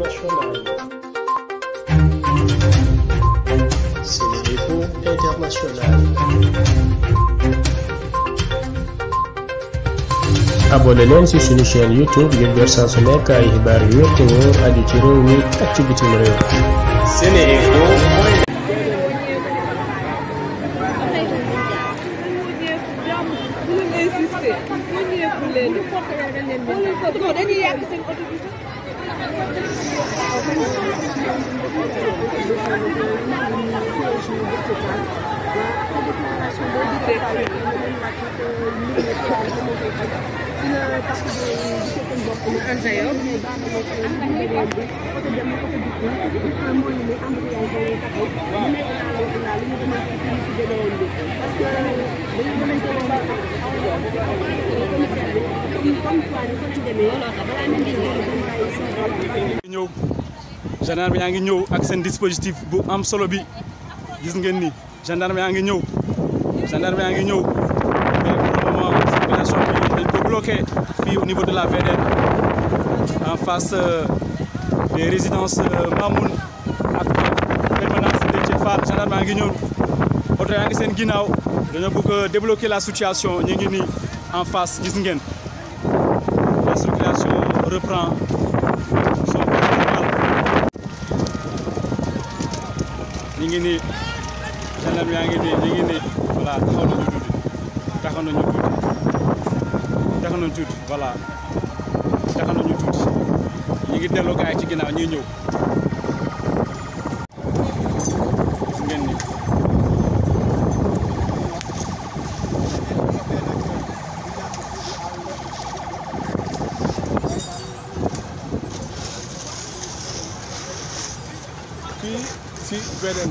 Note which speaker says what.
Speaker 1: internationale. Sénéinfo International. abonné YouTube ngir jot saa su nekk ay xibaar yu wér te wóor aju ci réew ñëw
Speaker 2: gendarme yaa ngi ñëw ak seen dispositif bu am solo bi gis ngeen ni gendarme yaa ngi ñëw gendarme yaa ngi ñëw mais pour circulation bi dañ ko au niveau de la VDN en face euh, des résidences euh, Mamoun ak permanence de Déthié gendarme yaa ngi ñëw oto yaa ngi seen ginnaaw dañoo bëgg la situation ñu ngi en face gis ngeen la circulation reprend son normal ñu gendarme yaa ngi nii ñu ngi nii voilà taxaw nañu ñu ngi delloo gaay ci ginnaaw ñuy ñëw ngeen ni fii si VDN